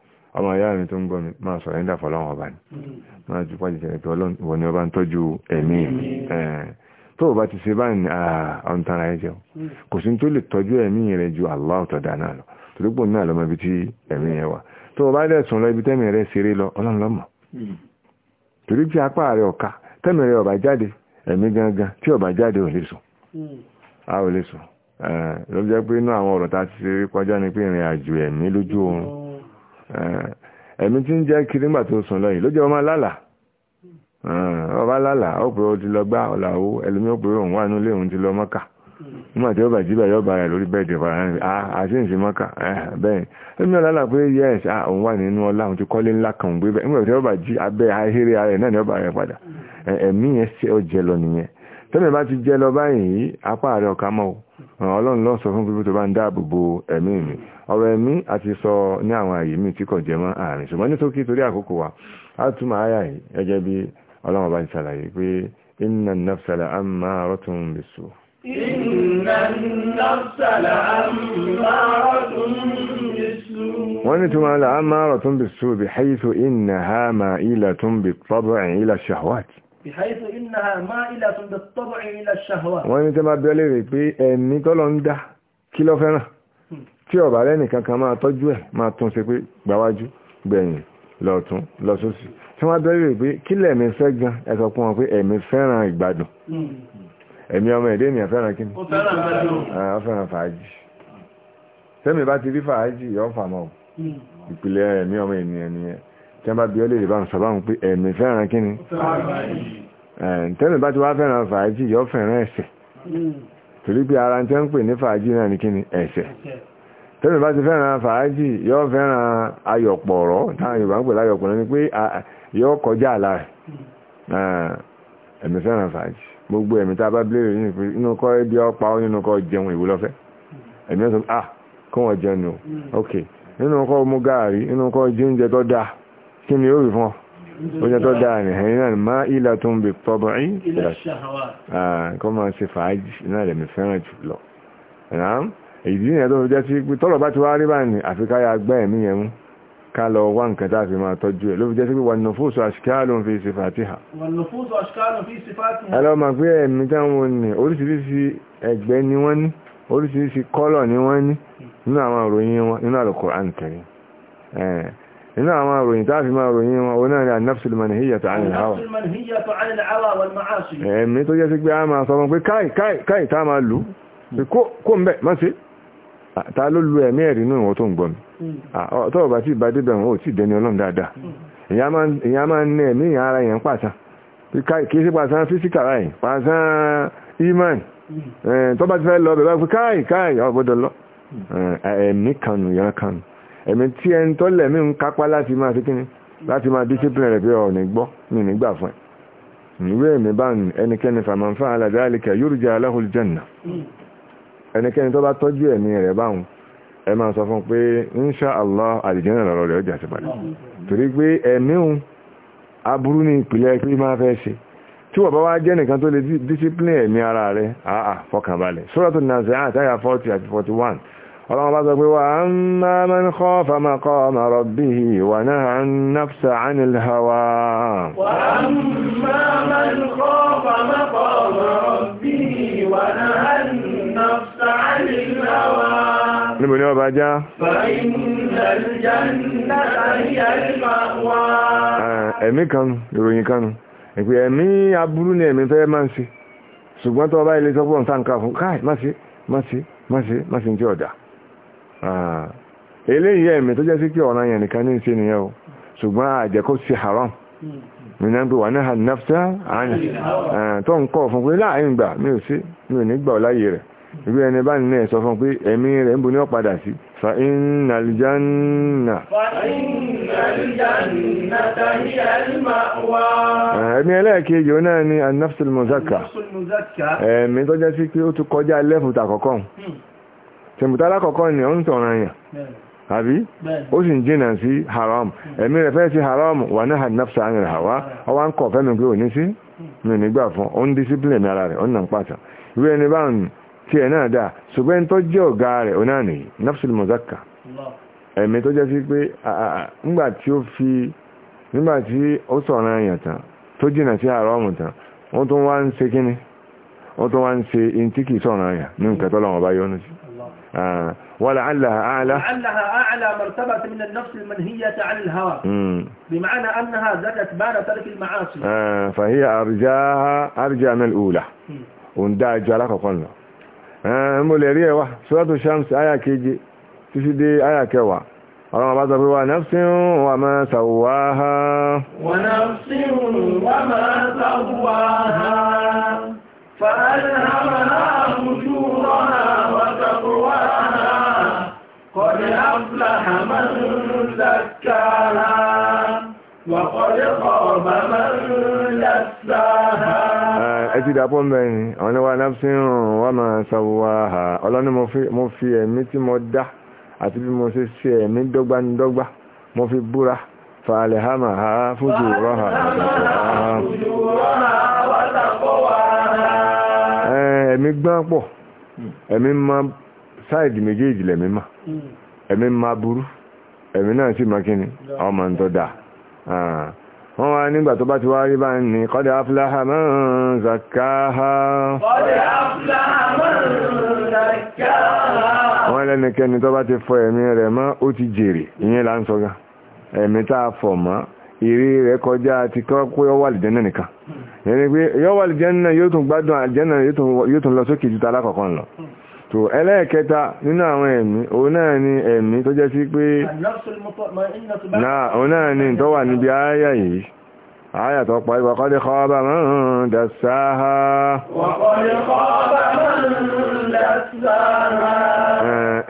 ọmọ ìyá mi tó ń gbọ́ mi máa sọ̀rọ̀ ẹ̀ńdà fọlọ́wọ́n ọba ni mm. máa ju pàjẹ́ ìṣẹ̀lẹ̀ pé ọlọ́wọ́ ni ọba ń tọ́jú ẹ̀mí tó bá ti ṣe báyìí ọ̀ntara ẹ̀jẹ̀ mm. kò sí tó lè tọ́jú ẹ̀mí rẹ̀ ju Allah náà lọ náà lọ́mọ ibi tí ẹ̀mí yẹn wà tó lọ ibi tẹ́mi rẹ̀ ṣeré lọ mm. torí pé apá rẹ̀ ọ̀ka tẹ́mi rẹ̀ gangan tí jáde ò lè sùn a ò lè sùn ló jẹ́ pé inú àwọn ọ̀rọ̀ ni Eh, ẹ̀mí tí ń jẹ́ kiri ńgbà tó sùn ọmọ eh, ọba ó ó ti lọ gbá ọ̀làwó ẹlòmí ó pé òun wà nílé òun ti lọ mọ́kà nígbà tí ó bà jíbà yóò bá lórí bẹ́ẹ̀dì ọ̀bà rẹ̀ ah, mọ́kà eh, bẹ́ẹ̀ ọ̀làlà pé ah, òun wà nínú ọlá òun ti kọ́lé ńlá kan gbé bẹ́ẹ̀ nígbà tí ó bà jí ọ̀rọ̀ ẹ̀mí àti sọ ní àwọn àyè míì tí kò jẹ mọ́ àárín ṣùgbọ́n ní tókí torí àkókò wa a túmọ̀ àyà yìí gẹ́gẹ́ bí ọlọ́run bá ti ṣàlàyé pé inna an-nafsa la'ammaratun bis-su' wọ́n ní túnmọ̀ la'ammaratun bis-su' bihaythu innaha ma'ilatun bit-tab'i ila ash-shahawat bihaythu innaha ma'ilatun bit-tab'i ila ash wọ́n ní tẹ́ máa bí ọlẹ́rẹ̀ pé ẹni tọ́lọ ń dá kí lọ fẹ́ràn tí ọ̀bà lẹ́nì kankan máa tọ́jú ẹ̀ máa tún ṣe pé gbáwájú gbẹ̀yìn lọ́tún lọ́sọ́sì tí wọ́n bẹ̀rẹ̀ pé kí lẹ̀mí fẹ́ gan ẹ sọ fún wọn pé ẹ̀mí fẹ́ràn ìgbádùn ẹ̀mí ọmọ èdè ènìyàn fẹ́ràn kí ni ó fẹ́ràn ah, fàájì sẹ́mi bá ti rí fàájì yọ fàmọ́ ìpìlẹ̀ ẹ̀mí ọmọ ènìyàn nìyẹn tí wọ́n bá bí ọlẹ́dẹ̀ bá ń sọ báwọn pé ẹ̀mí fẹ́ràn ni eh, tẹ́mi bá tẹ́lẹ̀ bá ti fẹ́ràn fàájì yóò fẹ́ràn ayọ̀pọ̀rọ̀ táwọn Yorùbá ń pè láyọ̀pọ̀rọ̀ ni pé yóò kọjá àlá rẹ̀ ẹ̀mí fẹ́ràn fàájì gbogbo ẹ̀mí tá a bá bléèrè nínú kọ́ ẹbí ọpa ó nínú kọ́ jẹun ìwú lọ́fẹ́ ẹ̀mí ọ̀sán ah kó wọ́n jẹun ni o ok nínú kọ́ mú gààrí nínú kọ́ jíúnjẹ tó dáa kí ni ó rí fún ọ oúnjẹ tó dáa ni ẹ̀yìn náà má ilà tó ń bè tọ́bọ̀ rí kọ́ máa ṣe fàájì náà lẹ̀mí fẹ́ràn jù lọ ìdí nìyẹn tó fi jẹ́ sí pé tọ́rọ̀ bá ti wá rí bá ní àfikà ya gbá ẹ̀mí yẹn mú ká lọ wá nǹkan tá a fi máa tọ́jú ẹ̀ ló fi jẹ́ sí pé wà nùfúsù àṣìkáàlùn fi sifatiha. wà nùfúsù àṣìkáàlùn fi sifatiha. ẹ lọ́ọ́ máa pé ẹ̀mí táwọn ní oríṣiríṣi ẹ̀gbẹ́ ni wọ́n ní oríṣiríṣi kọ́lọ̀ ni wọ́n ní nínú àwọn ìròyìn wọn nínú Al-Qur'an Karim nínú àwọn ìròyìn tá a fi máa ròyìn wọn ó náà ní an-nafsul manhiyatu 'anil hawa ẹ̀mí tó jẹ́ sí pé a máa sọ wọn pé káì káì káì tá a máa lù kó ń bẹ̀ má ṣe ta ló lu ẹ̀mí ẹ̀rí nínú ìwọ̀n tó ń gbọ́ mi hmm. tọ́wọ́ bá ti ìbádé bẹ̀rùn ó ti dẹni ọlọ́run dáadáa hmm. ìyá máa ń ní ẹ̀mí ìyá ara yẹn pàṣà kì í sí pàṣà físíkà ráyìn pàṣà iman hmm. tó tí ẹ ń tọ́lẹ̀ mí ń kápá láti máa fi kíni láti máa discipline rẹ̀ pé ọ̀nì gbọ́ mi nígbà fún ẹ̀ ìwé ẹ̀mí bá ẹnikẹ́ni fàmọ́fà alàdáyàlìkà yurja lahul janna ẹnikẹ́ni tó bá tọ́jú ẹ̀mí rẹ̀ báhùn ẹ máa sọ fún pé insha Allah àlìjẹ́nà lọ́rọ̀ rẹ̀ ọjà sípàdé torí pé ẹ̀míhun aburú ní ìpìlẹ̀ pé máa fẹ́ ṣe tí wọ́n bá wá jẹ́ nìkan tó lè discipline ẹ̀mí ara rẹ̀ àà fọkànbalẹ̀ Suratul Nazi'at àyà 40 àti 41 ọlọ́run bá níbo ni ọba já ẹ̀mí kanu ìròyìn kanu ìpé ẹ̀mí aburú ni ẹ̀mí fẹ́ máa ń ṣe ṣùgbọ́n tó ọba ilé sọ́pọ̀ ǹtànkà fún káì má ṣe má ṣe má ṣe má ṣe tí ọ̀dà ah, eléyìí ẹ̀mí tó jẹ́ sí pé ọ̀ràn yẹn nìkan ní ṣe nìyẹn o ṣùgbọ́n àjẹkọ́ sí haram nínú pé wà ní hanafsa àánì ah, tó ń kọ́ fún pé láàrin gbà mi ò sí mi ò ní gbà ọ láyé rẹ̀ irú ẹni bá nínú ẹ̀ sọ fún pé ẹ̀mí rẹ̀ ń bo ní ọ̀padà sí fa iná alìjánà ẹ̀mí ẹlẹ́ẹ̀kejì náà ni anafsul muzaka ẹ̀mí tó jẹ́ sí pé ó tún kọjá lẹ́fùtà kọ̀kọ́ hmm. tẹ̀mùtà alákọ̀ọ́kọ́ ni ó àbí ó sì ń jìnà sí haram hmm. ẹ̀mí rẹ̀ fẹ́ sí haram wà náà nafsa anil hawa ọwá ń kọ̀ fẹ́mi pé hmm. ò ní sí mi nígbà fún ó discipline ara rẹ̀ ó nà ń pàtàkì irú ẹni báyìí tí ẹ̀ náà dáa ṣùgbọ́n tó jẹ́ ọ̀gá rẹ̀ ọ̀nà nìyí nafsul muzakka ẹ̀mí tó jẹ́ sí pé nígbà tí ó fi nígbà tí ó sọ̀rọ̀ ẹ̀yàn tán tó jìnà sí àárọ̀ ọ̀mù tán wọ́n tó wá ń ṣe kíní wọ́n tó wá ń ṣe intí sọ̀rọ̀ ẹ̀yàn ní nǹkan tó lọ́wọ́ bá yọ́nu sí ولعلها أعلى لعلها أعلى مرتبة من النفس المنهية عن الهوى بمعنى أنها زادت بعد ترك المعاصي فهي أرجاها أرجى من الأولى ونداج لك قلنا mo lè rí ẹwà suratu àyà keje títí dé àyà kẹwàá ọ̀rọ̀ ọba sọ pé wà nafsin wa ma sawwaha wa nafsin wa ma sawwaha fa'alhamaha ha wa ayé ti dàpọ̀ mbẹ́ ni àwọn ẹni ń rùn wá máa sawwaha ọlọ́ni mo fi ẹ̀mí tí mo dá àti bí mo ṣe ṣe ẹ̀mí dọ́gbandọ́gba mo fi búra فالهمها فجورها ẹ̀mí gbọ́n pọ̀ ẹ̀mí ma sáìdì méjèèjì lẹ̀mí ma ẹ̀mí ma burú ẹ̀mí náà sì ma kíni ọmọ ń dáa wọ́n wá nígbà tó bá ti wá rí bá ń ní qad aflaha man zakkaha qad aflaha man zakkaha wọ́n lẹ́nikẹ́ni tó bá ti fọ ẹ̀mí rẹ̀ mọ́ ó ti jèrè ìyẹn là ẹ̀mí tá a fọ̀ mọ́ ìrí rẹ̀ kọjá ti kọ́ yọ́ tó ẹlẹ́ẹ̀kẹta nínú àwọn ẹ̀mí o náà ni ẹ̀mí tó jẹ́ sí pé o náà ni tó wà níbi ayá yìí ayá tó parí wàkọ́dé kọ́ọ́bà mọ́rún dàṣáhá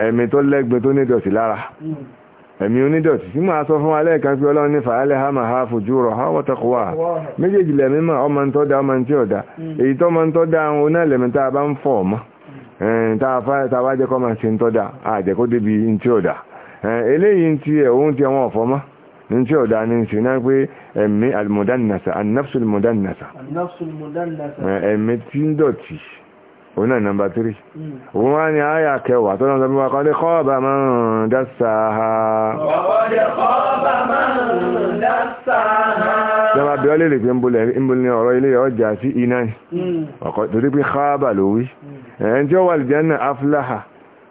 ẹ̀mí tó tó lára hmm. ẹ̀mí sí máa sọ fún alẹ́ẹ̀kan ọlọ́run ní ha máa ha fojú rọ̀ ha wọ́ta kọwà méjèèjì lẹ̀mí ma ọmọ ń tọ́ ọmọ tí ọ̀dá hmm. èyí da ń tàbá jẹ́ kọ́ máa ṣe ń tọ́dà àjẹ́kó débi ní tí ọ̀dà eléyìí tí ẹ̀ òun ti ẹ̀wọ̀n ọ̀fọ́ mọ́ ní tí ọ̀dà ní ṣe náà pé ẹ̀mí almudannasa annafsu almudannasa ẹ̀mí tí ń dọ̀tí òun náà nàmbà 3 hmm. òun wá ní àyà kẹwàá tó lọ́nà wà kọ́lé kọ́ọ̀bà máa ń dásà ha yọ máa bí ọ lè lè pé ńbó ní ọ̀rọ̀ ilé ọjà sí iná hmm. ọ̀kọ̀ torí pé káàbà ló wí hmm. ẹni tí ó wà lìjẹ́ náà afúláhà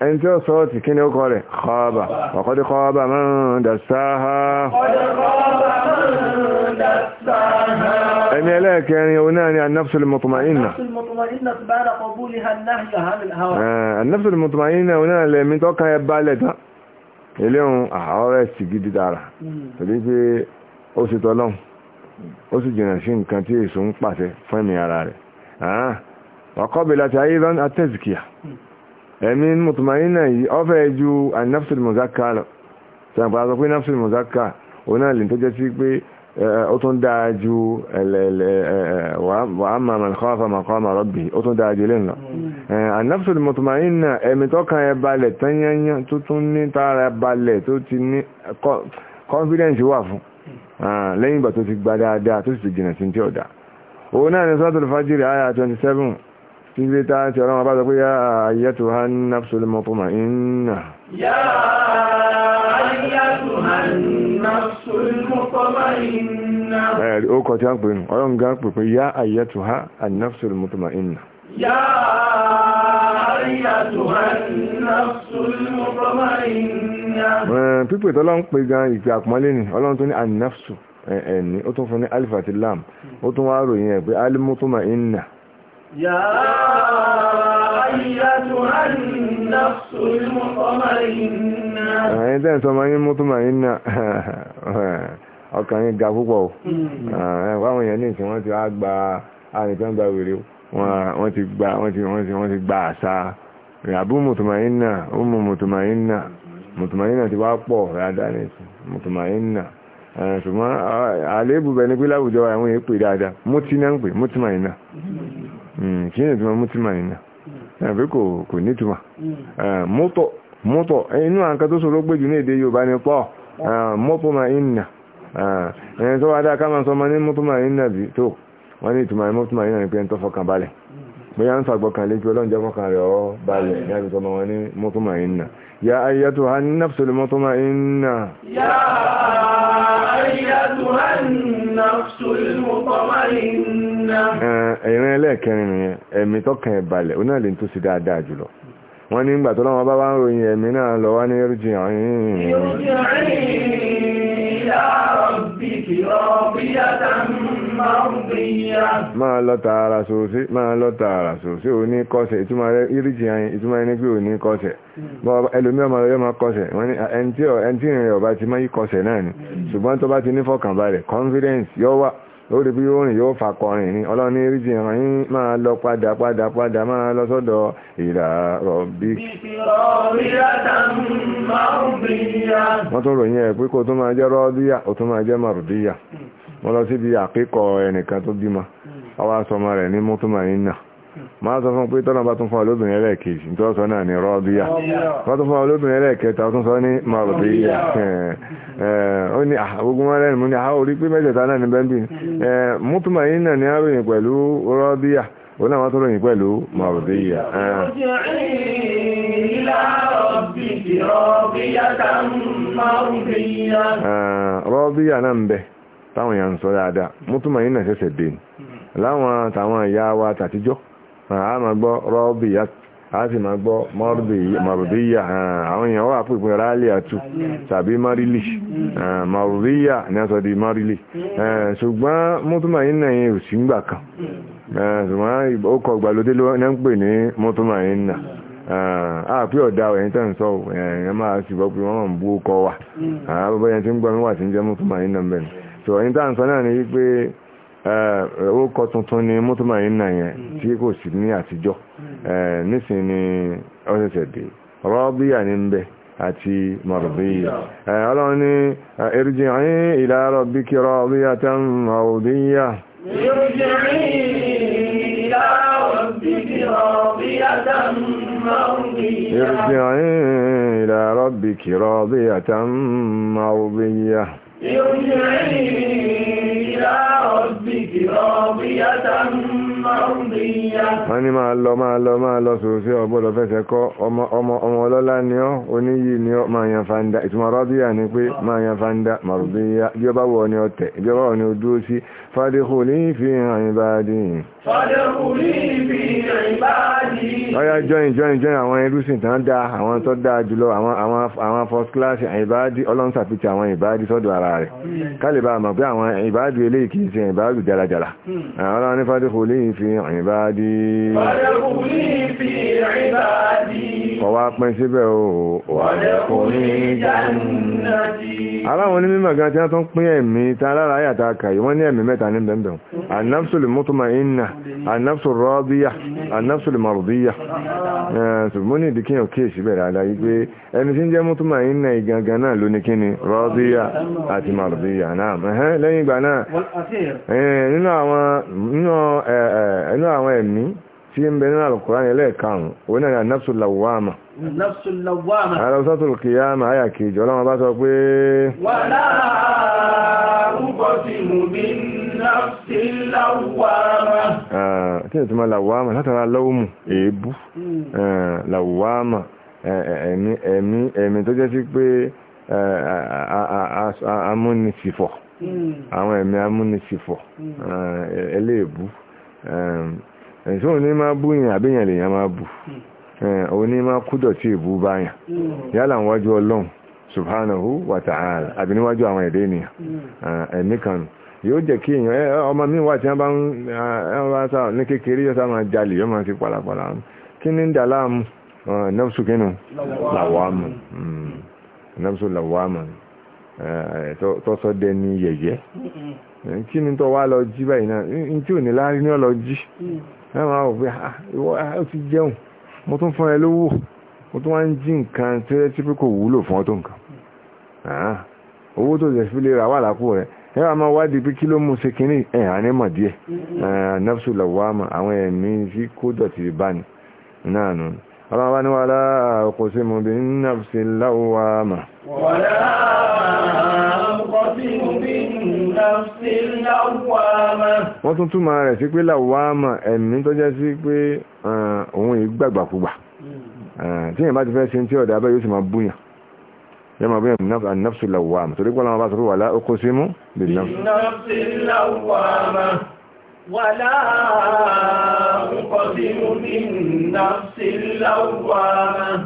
ẹni tí ó sọ́ọ̀tì kí ni ó kọ́ rẹ̀ káàbà ọ̀kọ́ tí káàbà máa ń dàsáhà ẹni ẹlẹ́ẹ̀kẹrin òun náà ni ilé ohun àárẹ̀ sì gidi dára hmm. torí ó sì tọ́lọ́hùn ó sì jìnà sí nǹkan tí èso ń pàṣẹ fún ẹ̀mí ara rẹ̀ ọkọ̀bẹ̀ ah, láti ayéran atẹ́zìkìá ẹ̀mí mutmainna yìí ọfẹ́ ju anafsil mozaka lọ sàǹpà sọ pé nafsil mozaka oná lè tó jẹ́ sí pé eh, ó tún dáa ju wàhámà mọ̀lẹ́kọ́fà mọ̀kọ́mà rọ́bì ó tún dáa ju lẹ́nu lọ. Eh, anafsul mutmainna ẹ̀mí tó kàn ẹ́ balẹ̀ tányányán tó tún ní tààrà balẹ̀ tó ti ní confidence wà fún Ah, lẹ́yìn ìgbà tó ti gba dáadáa tó sì ti jìnà sí tí ọ̀dá òun náà ni suratul fajiri àyà 27 tí ilé tá ti ọ̀rọ̀ bá sọ pé yá ayyatuhan nafsul mutma'inna yá ayyatuhan nafsul mutma'inna ẹ̀rí ó kọ̀ tí a ń pè nù ọlọ́run gan pè pé yá ayyatuhan nafsul mutma'inna yá ayyatuhan nafsul mutma'inna Eh, pípè tọ́lọ́ ń pe gan ìpè àpọ́nlé ni ọlọ́run tó ní anafsu ẹ̀ẹ̀ni eh, eh, ó tún fún ní alif àti lam ó tún wá ròyìn ẹ̀ pé alimutuma inna ya ayyatuha an-nafsul mutma'inna ẹ̀yìn tẹ́ ìsọmọ yín mutuma inna ọkàn yín ga púpọ̀ o wáwọn hmm. èèyàn ní ìsìn wọ́n ti wá gba àrìkan gba wèrè wọ́n ti gba àṣà ìyàbú mutuma inna ó mú mutuma inna mùtùmáyínà ti wá pọ̀ dáadáa nìsín mùtùmáyínà ṣùgbọ́n àléébù bẹ ní pé láwùjọ àwọn èèpè dáadáa mútí náà ń pè mútìmáyínà hmm, kí ni ìtumọ̀ mútìmáyínà àbí kò nítumọ̀ mọ́tọ̀ mọ́tọ̀ inú àǹkan tó sọ̀rọ̀ gbé jù ní èdè Yorùbá ni pọ̀ mọ́tùmáyínà ẹni tó wá dáa ká máa sọ ọmọ ní mọ́tùmáyínà bí tó wọ́n ní ìtumọ̀ mọ́tùmáyínà ni pé ń tọ́fọ́ kan balẹ̀ bóyá ń sàgbọ́kàn lé pé ọlọ́run fọ́kàn rẹ̀ ọ́ balẹ̀ ní àbí sọmọ wọn ní mọ́tòmá iná ya ayyatu ha nafsul mọ́tòmá nafsul mọ́tòmá iná ẹ̀rìn ẹlẹ́ẹ̀kẹrin nìyẹn ẹ̀mí tọ́kàn ẹ̀ balẹ̀ ó lè tó sí dáadáa jùlọ wọ́n ní ìgbà tó lọ́wọ́ bá wá ń ròyìn ẹ̀mí náà lọ wá ní ẹrùjì àwọn máa lọ tààrà sòsí máa lọ tààrà sòsí òní kọsẹ̀ ìtumọ̀ rẹ̀ ìrìjì ayin ìtumọ̀ ẹni pé òní kọsẹ̀ bọ́ ẹlòmí ọmọ rẹ̀ máa kọsẹ̀ wọ́n ní ẹni tí ìrìn ọba ti máa yí kọsẹ̀ náà ni ṣùgbọ́n tó bá ti ní fọkànbalẹ̀ confidence yóò wà lórí bí orin yóò fa kọrin ní ọlọ́ni ríjì ìrìn máa lọ padà padà padà máa lọ sọ́dọ̀ ìlà rọ̀bí wọ́n tó ròyìn ẹ̀ pé kò tó máa jẹ́ rọ́ọ́díyà ó tó máa jẹ́ màrùdíyà mo lọ síbi àkíkọ ẹnìkan tó bímọ ọwọ́ asọmọ rẹ̀ ní mútúmọ̀ nínà máa sọ fún pé tọ́nà bá tún fún olóbìnrin ẹlẹ́ẹ̀kejì tó sọ náà ní rọ́bíyà wọ́n tún fún olóbìnrin ẹlẹ́ẹ̀kẹta tún sọ ní marubíyà ó ní àgbogbo ah, wọn lẹ́nu ah, hmm. ní àwọn orí pé náà bẹ́ńbì nínà pẹ̀lú rọ́bíyà ròyìn pẹ̀lú marubíyà rọ́bíyà náà ń táwọn èèyàn sọ dáadáa mútúmọ̀ yìí náà ṣẹ̀ṣẹ̀ dé ní láwọn tàwọn ìyá wa tàtijọ́ a máa gbọ́ rọ́ọ̀bì a sì máa gbọ́ mọ̀rùbíyà àwọn èèyàn wà fún ìpínlẹ̀ rálì àtú tàbí mọ́rílì mọ̀rùbíyà ní sọ di mọ́rílì ṣùgbọ́n mútúmọ̀ yìí náà yìí ò sí gbà kan ṣùgbọ́n ó kọ ìgbàlódé ló ń pè ní mútúmọ̀ yìí náà àpí ọ̀dá ẹ̀yìn tẹ́ ń sọ ẹ̀yìn máa ṣùgbọ́n pé wọ́n mọ̀ ń bú ó kọ wà yẹn ti ń gbọ́ wà ń jẹ́ so ẹni tá à ń sọ náà ni wípé ó kọ tuntun ni mọ́tòmá yìí nà yẹn mm. tí kò sí ní àtijọ́ mm. nísìnyí ni ọ̀sẹ̀sẹ̀ dé rọ́bíyà ní ń bẹ àti mọ̀rọ̀bíyà ọlọ́run ní erujì ọ̀yìn ìlà rabbiki radiyatan mọ̀rọ̀bíyà ارجعي إلى ربك راضية مرضية ارجعي إلى ربك راضية مرضية wọ́n ní máa lọ máa lọ máa lọ sòsí ọgbọ́dọ̀ fẹ́sẹ̀ kọ́ ọmọ ọmọ ọlọ́lá ni ọ́ oníyì ni ọ́ máa yan fanda ìtumọ̀ rọ́bíyà ni pé máa yan fanda màrùbíyà bí ọ bá wọ ni ọ tẹ̀ bí ọ bá wọ ni ọ dúró sí fàdíkùlì fi ìbádìí fàdíkùlì fi ìbádìí ọya jọyìn jọyìn jọyìn àwọn irúsìn tán dá àwọn tó dá jùlọ àwọn first class ìbádìí ọlọ́nsàpìtì àwọn ìbádìí sọ́dọ̀ ara rẹ̀ kálìbà mọ̀ pé àwọn ìbádìí eléyìí kìí ṣe ìbádìí jarajara hmm. ọlọ́ni fàdíkùlì fi ìbádìí ọwá pín síbẹ̀ o aláwọn onímọ̀ gan tí a tún pín ẹ̀mí tí alára ayàta kàyí wọ́n ní ẹ̀mí mẹ́ta ní bẹ̀m̀bẹ̀m annafsul mutuma inna annafsul rọ́bíyà annafsul marudíyà ṣùgbọ́n ní ìdíkíyàn kí èsì bẹ̀rẹ̀ aláyí ẹni tí ń jẹ́ mutuma inna ìgangan náà ló ní kíni rọ́bíyà àti náà lẹ́yìn ìgbà náà nínú àwọn ẹ̀mí tí ń bẹ nínú alùkùrán ilẹ̀ karùn-ún òun náà nafsul lawama nafsul lawama alọ́sọ́tò kìyàmà ayà kejì ọlọ́wọ́ bá sọ pé wà láàrúkọ sí mú bí nafsul lawama tí ó túnmọ̀ lawama látara lọ́wọ́mù èébú hmm. lawama ẹ̀mí tó jẹ́ sí pé amúnisìfọ̀ hmm. àwọn ẹ̀mí amúnisìfọ̀ hmm. ẹlẹ́ẹ̀bú ẹ̀sùn ní máa bú yàn àbíyàn lèyàn máa bù hmm. òun ní máa kúdọ̀ tí ìbú bá yàn hmm. yálà níwájú ọlọ́run subhanahu wa ta'ala àbí níwájú àwọn èdè ènìyàn hmm. ẹ̀mí kan yóò jẹ́ kí èèyàn ọmọ mi wà tí wọ́n bá ń sá ní kékeré yóò sá máa jalè yóò máa ti pàlàpàlà kí ní ń dà láàmú nafsu kínú làwámù nafsu làwámù tọ́sọ́ dẹ ní yẹ̀yẹ́ kí ni tọ́ wá lọ jí báyìí náà ní tí ò ní láàrin ní ọ lọ jí ẹ̀rọ ah, ah, àwọn ah, ó ti jẹun mo tún fún ẹ lówó mo tún wá ń jí nǹkan tí ó ti pé kò wúlò fún ọ tó owó tó jẹ fi lè ra wà lápò rẹ ẹ wà máa wádìí pé kí ṣe kínní ẹ ànímọ̀ díẹ̀ eh, nafsu lawama àwọn ẹ̀mí tí kó dọ̀tí bá ní náà nù ọlọ́wọ́ bá ní wàhálà kò sí mu bí nafsi lawama. wàhálà wọ́n tún túmọ̀ rẹ̀ sí pé làwámà ẹ̀mí tó jẹ́ sí pé òun yìí gbàgbàkúgbà hmm. tí èèyàn bá ti fẹ́ ṣe tí ọ̀dà abẹ́ yóò sì máa búyàn yẹ́ máa búyàn nafsu làwámà torí pọ́lá wọn bá sọ pé wala uqsimu bin nafsi làwámà wala uqsimu bin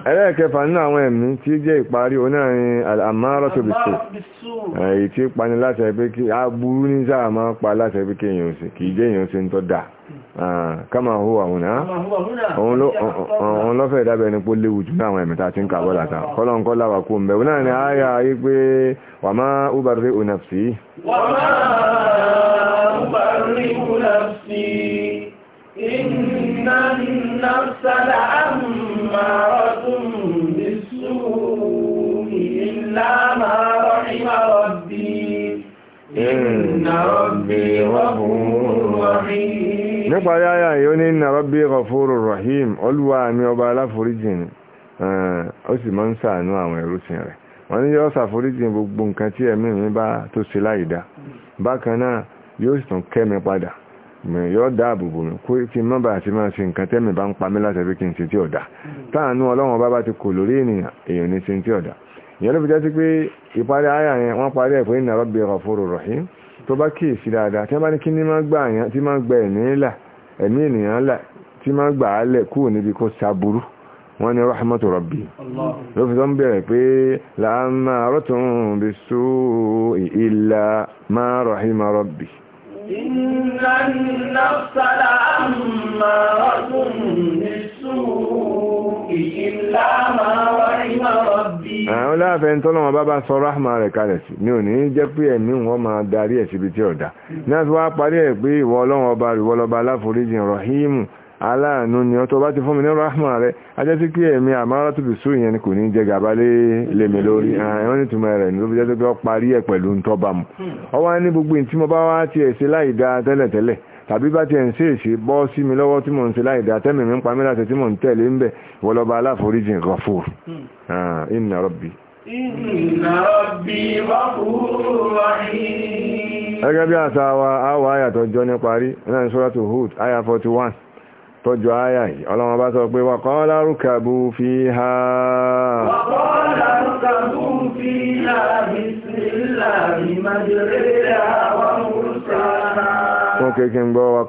ẹlẹ́ẹ̀kẹfà nínú àwọn ẹ̀mí tí jẹ́ ìparí onáàrin àmárọ̀ tó bìí èyí tí pani láti ẹgbẹ́ kí a burú ní sáà máa pa láti ẹgbẹ́ kí èyàn sí kìí jẹ́ èyàn sí ń tọ́ dà kama huwa huna òun lọ́fẹ́ ìdábẹ̀ ní pó léwu jù náà àwọn ẹ̀mí tá ti ń kàbọ̀ láta kọ́lọ̀nkọ́ láwà kó mbẹ̀ wọn náà ni àyà inna ni na لأمارة بالسوء إلا ما رحم ربي إن ربي غفور رحيم nípa yáyà yóò ní inna rabbi ghafurur rahim olúwa mi ọba aláforíjìn ó sì máa ń àwọn rẹ̀ wọ́n ní gbogbo nǹkan tí ẹ̀mí mi bá tó ṣe láìdá bákan náà yóò yóò dáàbò bò mí kó kí n má bàa ti máa ṣe nǹkan tẹ́mi bá ń pa mí láti ẹbí kí n ṣe tí ọ̀dà táànú ọlọ́run bá bá ti kò lórí ènìyàn èèyàn ní ṣe tí ọ̀dà ìyẹn ló fi jẹ́ sí pé ìparí ayà yẹn wọ́n parí ẹ̀ pé inna rabbi ghafurur rahim tó bá kíyèsí dáadáa tí wọ́n bá ní kí ní máa gbà ẹ̀mí ènìyàn là tí máa gbà á lẹ̀ kúrò níbi kó saburú wọ́n ní rahmatu rabbi ló fi tó ń bẹ̀rẹ̀ pé la'ammaratun bis-su'i illa ma rahima rabbi إن النفس لأمارة àwọn láàfẹ́ ń tọ́lọ́wọ́ bá bá sọ ráhmà rẹ̀ kalẹ̀ sí ní òní jẹ́ pé ẹ̀mí wọn máa darí ẹ̀ síbi tí ọ̀dá náà tí wọ́n parí ẹ̀ pé ìwọ ọlọ́run ọba ìwọ lọ́ba aláforíjìn rọ̀híìmù ala ni ọ́ tó bá ti fún mi ní rahma rẹ̀ ajẹ́ sí pé ẹ̀mí àmárá tó ni kò ní jẹ gàba lé mi lórí ẹ̀wọ́n hmm. ah, ní túmọ̀ rẹ̀ ní ló fi jẹ́ pé ó parí ẹ̀ pẹ̀lú ń tọ́ bá mu hmm. ọ wá ní gbogbo nti mo ti wá tiẹ̀ ṣe láì dáa tẹ́lẹ̀tẹ́lẹ̀ tàbí bá tiẹ̀ ń ṣe èṣe sí mi lọ́wọ́ tí mò ń ṣe láì dáa tẹ́mì mi ń pa mí ń tẹ̀lé ń wọlọ́ba aláforíjìn Ghafur hmm. ah, inna rabbi inna rabbi rahim bí jọ ní parí 41 tọ́jú ayà yìí ọlọ́run bá sọ pé wa qala rukabu fiha wa qala rukabu fiha bismillahi majriha wa mursaha fún kéèkì ń gbọ́ wa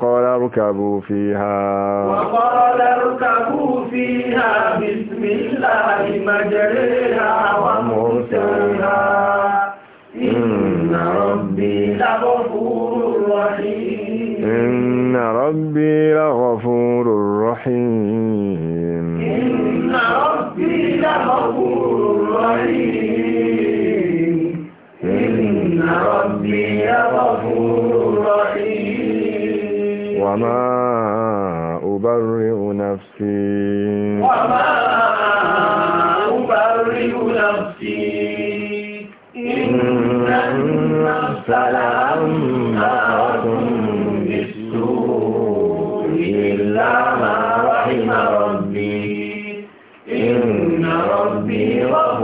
إن ربي لغفور رحيم إن ربي لغفور رحيم إن ربي لغفور رحيم إن ربي لغفور رحيم وما أبرئ نفسي وما فلما هم بالسوء إلا ما رحم ربي إن ربي غفور